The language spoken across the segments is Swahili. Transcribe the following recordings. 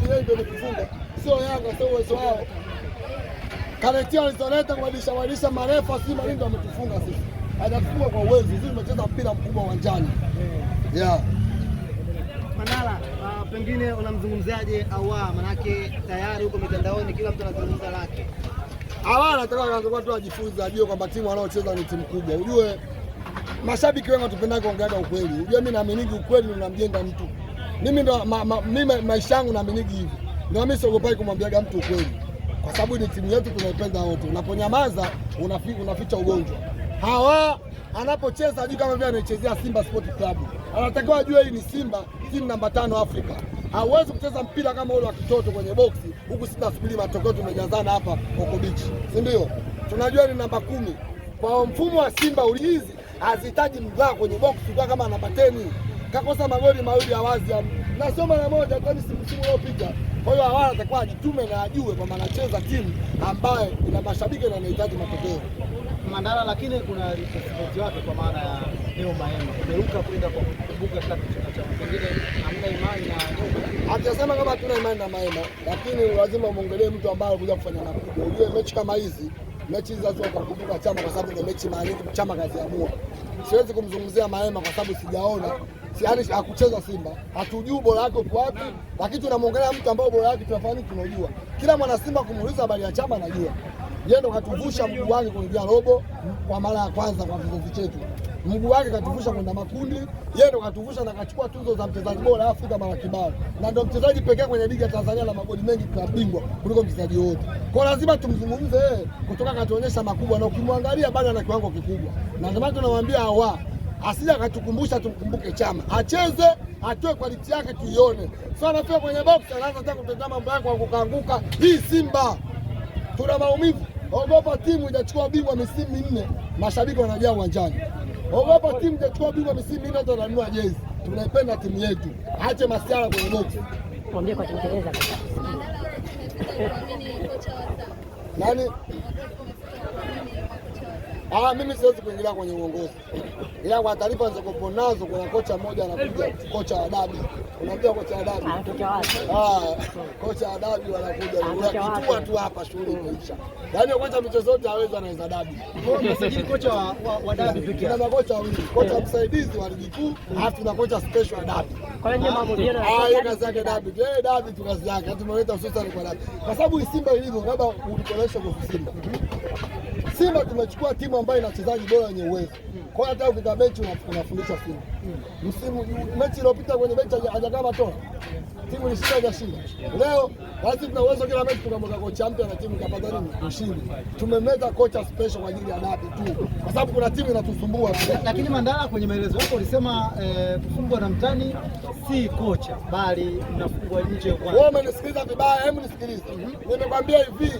kileo ndio kufunga, sio Yanga, sio uwezo wao. Karetia alizoleta kubadilisha badilisha marefa, si Malindo ametufunga sisi, hajatufunga kwa uwezo. Sisi tumecheza mpira mkubwa uwanjani yeah. Manara, uh, pengine unamzungumzaje Awa? Manake tayari huko mitandaoni kila mtu anazungumza lake. Awa anataka tu ajifunze, ajue kwamba timu anaocheza ni timu kubwa. Ujue mashabiki wengi watupenda kuongeaga ukweli. Ujue mimi naaminiki ukweli unamjenga mtu mimi ndo ma, ma, mimi maisha yangu naaminiki hivi, ndio mimi siogopai kumwambiaga mtu ukweli, kwa sababu ni timu yetu tunaipenda wote. Unaponyamaza unafi, unaficha ugonjwa. Hawa anapocheza ajui kama vile anaichezea Simba Sport Club, anatakiwa ajue hii ni Simba timu namba tano Afrika. Hauwezi kucheza mpira kama ule wa kitoto kwenye boksi huku, sisi tunasubiri matokeo, tumejazana hapa kokobichi, si ndio? Tunajua ni namba kumi kwa mfumo wa Simba ulizi hazihitaji mdhaa kwenye boksi, kwa kama namba teni kakosa magoli mawili ya wazi na sio mara moja, kwani msimu uliopita. Kwa hiyo Awala atakuwa ajitume na ajue kwamba anacheza timu ambayo ina mashabiki na inahitaji matokeo Mandala, lakini kuna tofauti wake kwa maana ya Deo Maema umeruka kwenda kwa kukumbuka kati cha pengine hamna imani na atasema kama hatuna imani na Maema, lakini lazima umwongelee mtu ambaye alikuja kufanya makubwa. Ujue mechi kama hizi mechi hizi lazima utakumbuka Chama kwa sababu ndio mechi maalum Chama kaziamua. Siwezi kumzungumzia Maema kwa sababu sijaona yani hakucheza Simba, hatujui ubora wake uko wapi, lakini tunamwongelea mtu ambaye ubora wake tunafahamu, tunajua kila mwana Simba kumuuliza habari ya Chama anajua. Yeye ndo katuvusha mguu wake kuingia robo kwa mara ya kwanza kwa vizazi chetu, mguu wake katuvusha kwenda makundi. Yeye ndo katuvusha na kachukua tuzo za mchezaji bora Afrika mara kibao, na ndo mchezaji pekee kwenye ligi ya Tanzania na magoli mengi kwa bingwa kuliko mchezaji wote. Kwa lazima tumzungumze yeye kutoka, katuonyesha makubwa, na ukimwangalia bado ana kiwango kikubwa, na ndio maana tunamwambia hawa asije akatukumbusha tumkumbuke Chama, acheze atoe kwaliti yake tuione. So anafika kwenye box anaanza hata kutenda mambo yake anguka Hii Simba tuna maumivu, ogopa timu itachukua bingwa misimu minne, mashabiki wanajaa uwanjani. Ogopa timu itachukua bingwa misimu minne, hata ananunua jezi. Tunaipenda timu yetu, ache masiara kwenye box. Mwambie kwa Kiingereza nani Ah, mimi siwezi kuingilia kwenye uongozi, ila kwa taarifa zilizokuwa nazo, kuna kocha mmoja anakuja, kocha wa dabi. Unajua kocha wa dabi ah, ah, kocha wa dabi wanakuja ah, kitua tu hapa, shughuli imeisha. Yaani kocha michezo yote hawezi, anaweza dabi. Kocha wa dabi Kuna makocha wawili, kocha msaidizi wa ligi kuu, halafu tuna kocha special wa dabi Ah, kazi yake David, David kazi yake, tumeweta hususani kwa David kwa sababu Simba ilivyo, labda ulikoresha kwa Simba. Simba tumechukua timu ambayo ina wachezaji bora wenye uwezo, kwa hiyo hata ukita mechi unafundisha Simba. Msimu mechi iliyopita kwenye benchi hajakaa Matola timu ilishinda Leo basi tuna uwezo kila mechi tukamweka kocha mpya na timu ikapata nini, ushindi. Tumemleta kocha special kwa ajili ya dabi tu, kwa sababu kuna timu inatusumbua. Lakini Mandala, kwenye maelezo yako ulisema eh, kufungwa na mtani si kocha, bali mnafungwa nje. Wewe umenisikiliza vibaya, hebu nisikilize. Mhm. Nimekwambia hivi,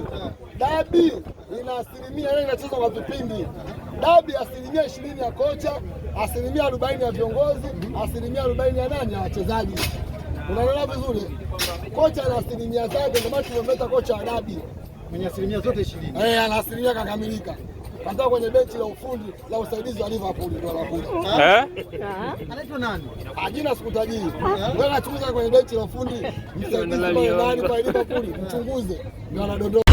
dabi ina asilimia ile inachezwa kwa vipindi. Dabi asilimia ishirini ya kocha, asilimia arobaini ya viongozi, asilimia arobaini ya nani ya wachezaji. Unaelewa vizuri, kocha ana asilimia zake, ndio maana tumemleta kocha wa dabi mwenye asilimia zote ishirini. Eh, ana asilimia kakamilika hata kwenye benchi la ufundi la usaidizi wa Liverpool ndio anakuja. Eh? eh? Anaitwa nani? Ajina sikutajii. Eh? Wewe anachunguza kwenye benchi la ufundi msaidizi wa nani kwa Liverpool, mchunguze ndio anadondoka.